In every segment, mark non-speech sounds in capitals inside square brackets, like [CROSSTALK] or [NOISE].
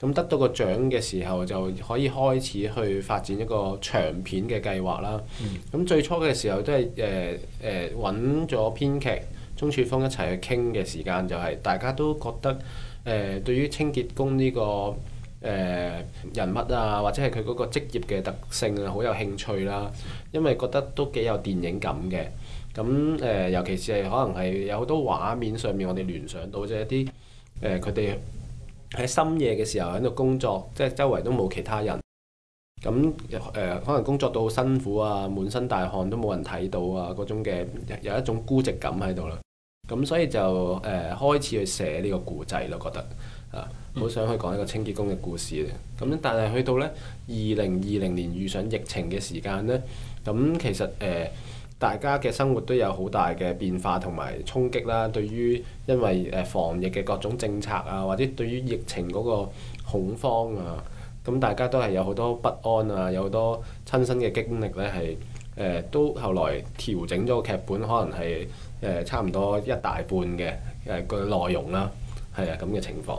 咁得到個獎嘅時候，就可以開始去發展一個長片嘅計劃啦。咁、嗯、最初嘅時候都係誒誒揾咗編劇鍾柱鋒一齊去傾嘅時間，就係大家都覺得誒、呃、對於清潔工呢、呢個誒、呃、人物啊，或者係佢嗰個職業嘅特性啊，好有興趣啦。因為覺得都幾有電影感嘅。咁、呃、誒，尤其是係可能係有好多畫面上面，我哋聯想到就係一啲誒佢哋。呃喺深夜嘅時候喺度工作，即係周圍都冇其他人咁誒、呃，可能工作到好辛苦啊，滿身大汗都冇人睇到啊，嗰種嘅有一種孤寂感喺度啦。咁所以就誒、呃、開始去寫呢個故仔咯，覺得啊好想去講一個清潔工嘅故事。咁但係去到咧二零二零年遇上疫情嘅時間咧，咁其實誒。呃大家嘅生活都有好大嘅變化同埋衝擊啦。對於因為誒防疫嘅各種政策啊，或者對於疫情嗰個恐慌啊，咁大家都係有好多不安啊，有好多親身嘅經歷咧，係誒、呃、都後來調整咗個劇本，可能係誒、呃、差唔多一大半嘅誒個內容啦，係啊咁嘅情況。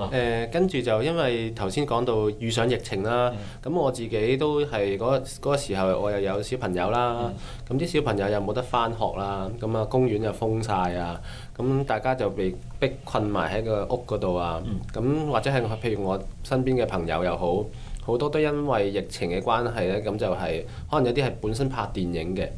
誒 Okay.、呃、跟住就因為頭先講到遇上疫情啦，咁 Yeah. 我自己都係嗰嗰個時候，我又有小朋友啦。咁啲 Yeah. 小朋友又冇得翻學啦，咁啊公園又封晒啊，咁大家就被逼困埋喺個屋嗰度啊。咁 Yeah. 或者係譬如我身邊嘅朋友又好，好多都因為疫情嘅關係咧，咁就係、是、可能有啲係本身拍電影嘅，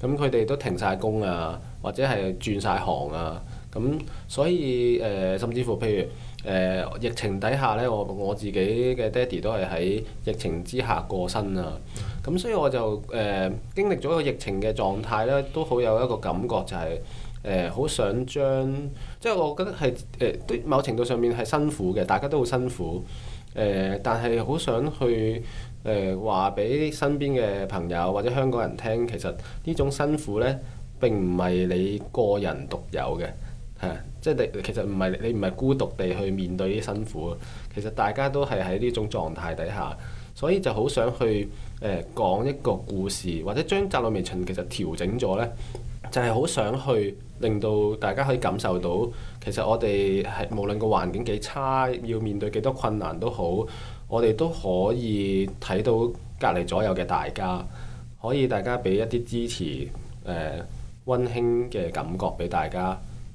咁佢哋都停晒工啊，或者係轉晒行啊。咁所以誒、呃，甚至乎譬如～誒、呃、疫情底下咧，我我自己嘅爹哋都係喺疫情之下過身啊。咁所以我就誒、呃、經歷咗個疫情嘅狀態咧，都好有一個感覺，就是，就係誒好想將，即係我覺得係誒、呃、某程度上面係辛苦嘅，大家都好辛苦。誒、呃，但係好想去誒話俾身邊嘅朋友或者香港人聽，其實呢種辛苦咧並唔係你個人獨有嘅。係，即係你其實唔係你唔係孤獨地去面對啲辛苦。其實大家都係喺呢種狀態底下，所以就好想去誒講、呃、一個故事，或者將《窄路微塵》其實調整咗咧，就係、是、好想去令到大家可以感受到，其實我哋係無論個環境幾差，要面對幾多困難都好，我哋都可以睇到隔離左右嘅大家，可以大家俾一啲支持誒、呃、溫馨嘅感覺俾大家。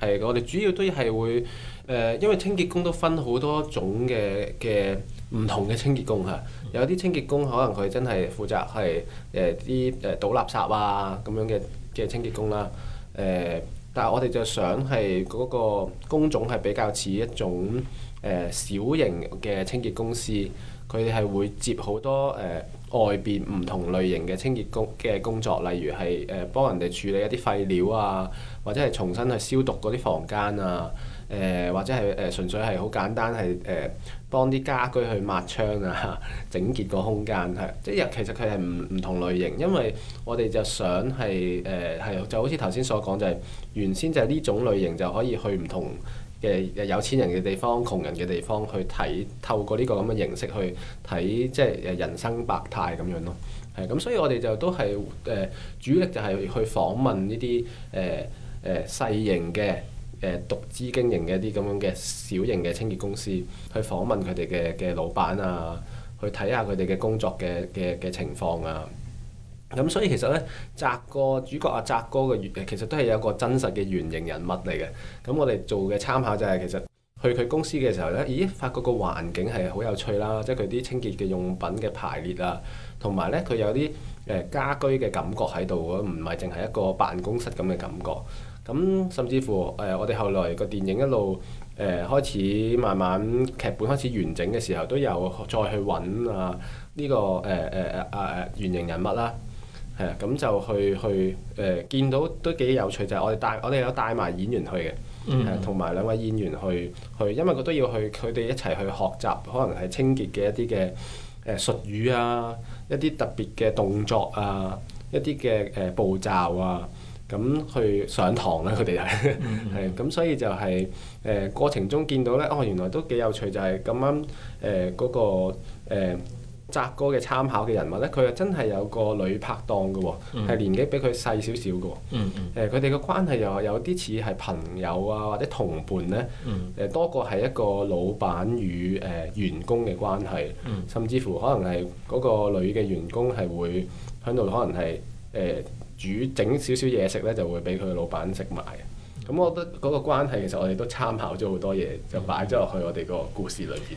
係，我哋主要都係會誒、呃，因為清潔工都分好多種嘅、嘅唔同嘅清潔工嚇、啊。有啲清潔工可能佢真係負責係誒啲誒倒垃圾啊，咁樣嘅嘅清潔工啦。誒、啊，但係我哋就想係嗰個工種係比較似一種誒、呃、小型嘅清潔公司，佢哋係會接好多誒。呃外邊唔同類型嘅清潔工嘅工作，例如係誒、呃、幫人哋處理一啲廢料啊，或者係重新去消毒嗰啲房間啊，誒、呃、或者係誒、呃、純粹係好簡單係誒、呃、幫啲家居去抹窗啊，整潔個空間係，即係、呃、其實佢係唔唔同類型，因為我哋就想係誒係就好似頭先所講、就係，就係原先就係呢種類型就可以去唔同。嘅有錢人嘅地方、窮人嘅地方去睇，透過呢個咁嘅形式去睇，即係誒人生百態咁樣咯。係咁，所以我哋就都係誒、呃、主力就係去訪問呢啲誒誒細型嘅誒獨資經營嘅一啲咁樣嘅小型嘅清潔公司，去訪問佢哋嘅嘅老闆啊，去睇下佢哋嘅工作嘅嘅嘅情況啊。咁所以其實咧，窄哥主角阿窄哥嘅原其實都係有個真實嘅原型人物嚟嘅。咁我哋做嘅參考就係其實去佢公司嘅時候咧，咦？發覺個環境係好有趣啦，即係佢啲清潔嘅用品嘅排列啊，同埋咧佢有啲誒家居嘅感覺喺度啊，唔係淨係一個辦公室咁嘅感覺。咁甚至乎誒，我哋後來個電影一路誒開始慢慢劇本開始完整嘅時候，都有再去揾啊呢個誒誒誒啊誒原型人物啦。係啊，咁、嗯、就去去誒、呃，見到都幾有趣，就係、是、我哋帶我哋有帶埋演員去嘅，同埋、mm hmm. 啊、兩位演員去去，因為佢都要去，佢哋一齊去學習，可能係清潔嘅一啲嘅誒術語啊，一啲特別嘅動作啊，一啲嘅誒步驟啊，咁、嗯、去上堂啦、啊，佢哋係，係咁、mm hmm. [LAUGHS] 嗯、所以就係、是、誒、呃、過程中見到咧，哦，原來都幾有趣，就係咁啱誒嗰個誒。窄哥嘅參考嘅人物咧，佢又真係有個女拍檔嘅喎，係、嗯、年紀比佢細少少嘅喎。佢哋嘅關係又有啲似係朋友啊，或者同伴咧。誒、嗯，多過係一個老闆與誒、呃、員工嘅關係，嗯、甚至乎可能係嗰個女嘅員工係會喺度可能係誒、呃、煮整少少嘢食咧，就會俾佢老闆食埋。咁我覺得嗰個關係其實我哋都參考咗好多嘢，就擺咗落去我哋個故事裏邊。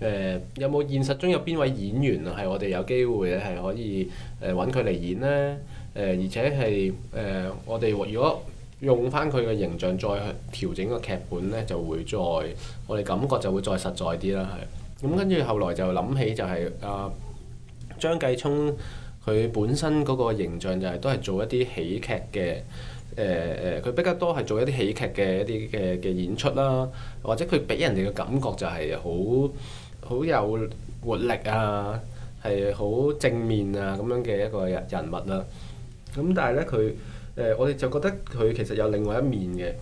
誒、呃、有冇現實中有邊位演員啊，係我哋有機會咧，係可以誒揾佢嚟演咧，誒、呃，而且係誒、呃、我哋如果用翻佢嘅形象再去調整個劇本咧，就會再我哋感覺就會再實在啲啦。係咁跟住後來就諗起就係、是、阿、啊、張繼聰，佢本身嗰個形象就係都係做一啲喜劇嘅誒誒，佢、呃、比較多係做一啲喜劇嘅一啲嘅嘅演出啦，或者佢俾人哋嘅感覺就係好。好有活力啊，係好正面啊，咁樣嘅一個人物啦、啊。咁、嗯、但係咧，佢誒、呃、我哋就覺得佢其實有另外一面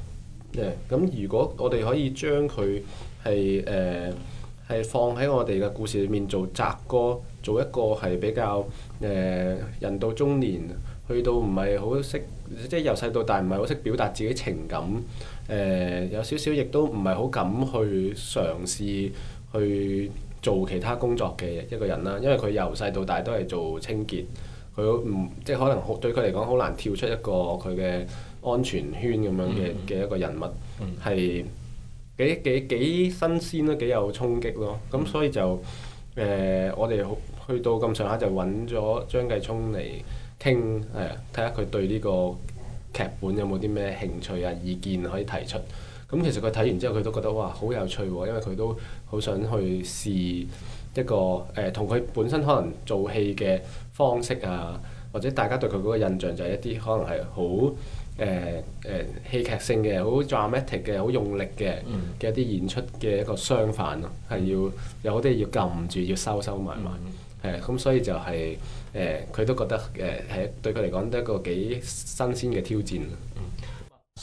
嘅誒。咁、嗯嗯、如果我哋可以將佢係誒係放喺我哋嘅故事裏面做雜歌，做一個係比較誒、呃、人到中年去到唔係好識，即係由細到大唔係好識表達自己情感誒、呃，有少少亦都唔係好敢去嘗試去做其他工作嘅一個人啦，因為佢由細到大都係做清潔，佢唔即係可能對佢嚟講好難跳出一個佢嘅安全圈咁樣嘅嘅、嗯、一個人物，係幾幾幾新鮮咯，幾有衝擊咯，咁所以就誒、呃、我哋去到咁上下就揾咗張繼聰嚟傾係啊，睇下佢對呢個劇本有冇啲咩興趣啊、意見可以提出。咁、嗯、其實佢睇完之後，佢都覺得哇，好有趣喎、哦！因為佢都好想去試一個誒、呃，同佢本身可能做戲嘅方式啊，或者大家對佢嗰個印象就係一啲可能係好誒誒戲劇性嘅、好 dramatic 嘅、好用力嘅嘅、嗯、一啲演出嘅一個相反咯，係、嗯、要有啲要撳住、要收收埋埋，係咁、嗯嗯，所以就係、是、誒，佢、呃、都覺得誒係、呃、對佢嚟講都一個幾新鮮嘅挑戰。嗯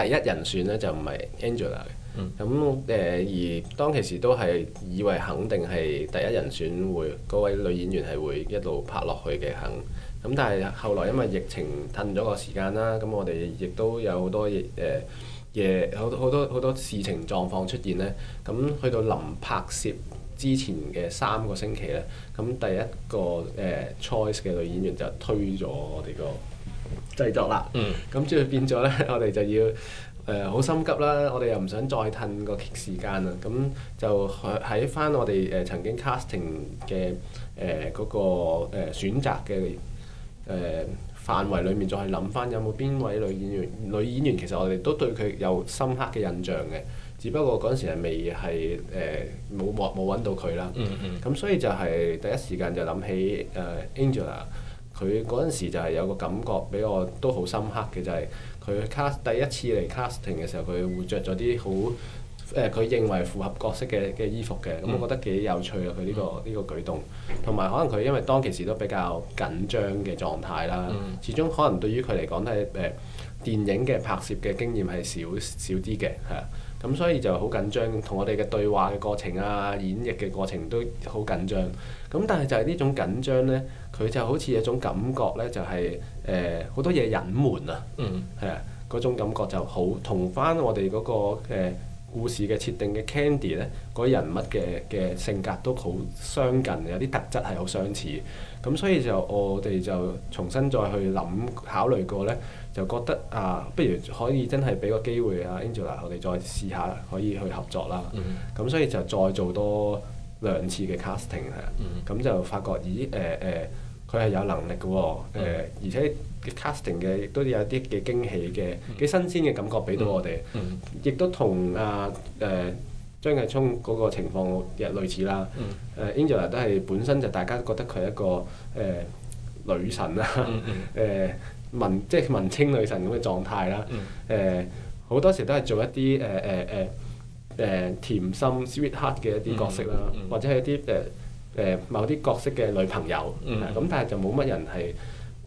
第一人選咧就唔係 Angela 嘅，咁誒、嗯嗯、而當其時都係以為肯定係第一人選會嗰位女演員係會一路拍落去嘅肯，咁、嗯、但係後來因為疫情褪咗個時間啦，咁、嗯嗯、我哋亦都有好多誒誒嘢好好多好多事情狀況出現咧，咁、嗯、去到臨拍攝之前嘅三個星期咧，咁、嗯、第一個誒、呃、choice 嘅女演員就推咗我哋個。製作啦，咁即係變咗咧，我哋就要誒好、呃、心急啦，我哋又唔想再褪個時間啊，咁就喺翻我哋誒曾經 casting 嘅誒嗰個誒、呃、選擇嘅誒範圍裡面，再去諗翻有冇邊位女演員？嗯、女演員其實我哋都對佢有深刻嘅印象嘅，只不過嗰陣時係未係誒冇冇揾到佢啦，咁、嗯嗯、所以就係第一時間就諗起誒 Angela。佢嗰陣時就係有個感覺俾我都好深刻嘅，就係佢 cast 第一次嚟 casting 嘅時候，佢會着咗啲好誒，佢、呃、認為符合角色嘅嘅衣服嘅，咁我覺得幾有趣啊！佢呢個呢個舉動，同埋可能佢因為當其時都比較緊張嘅狀態啦，始終可能對於佢嚟講都係誒電影嘅拍攝嘅經驗係少少啲嘅，係啊。咁所以就好緊張，同我哋嘅對話嘅過程啊、演繹嘅過程都好緊張。咁但係就係呢種緊張咧，佢就好似一種感覺咧、就是，就係誒好多嘢隱瞞啊，係、嗯、啊，嗰種感覺就好同翻我哋嗰、那個、呃故事嘅設定嘅 Candy 咧，嗰人物嘅嘅性格都好相近，有啲特質係好相似。咁所以就我哋就重新再去諗考慮過咧，就覺得啊，不如可以真係俾個機會啊，Angela，我哋再試下可以去合作啦。咁、mm hmm. 所以就再做多兩次嘅 casting 係、mm，咁、hmm. 就發覺咦誒誒，佢、呃、係、呃、有能力嘅喎，呃 mm hmm. 而且。casting 嘅亦都有啲嘅驚喜嘅，幾新鮮嘅感覺俾到我哋，亦都同啊誒張繼聰嗰個情況又類似啦。誒 Angela 都係本身就大家都覺得佢係一個誒、呃、女神啦，誒、嗯嗯嗯嗯、文即係、就是、文青女神咁嘅狀態啦。誒、呃、好多時都係做一啲誒誒誒誒甜心 sweetheart 嘅一啲角色啦，或者係一啲誒誒某啲角色嘅女朋友。咁但係就冇乜人係。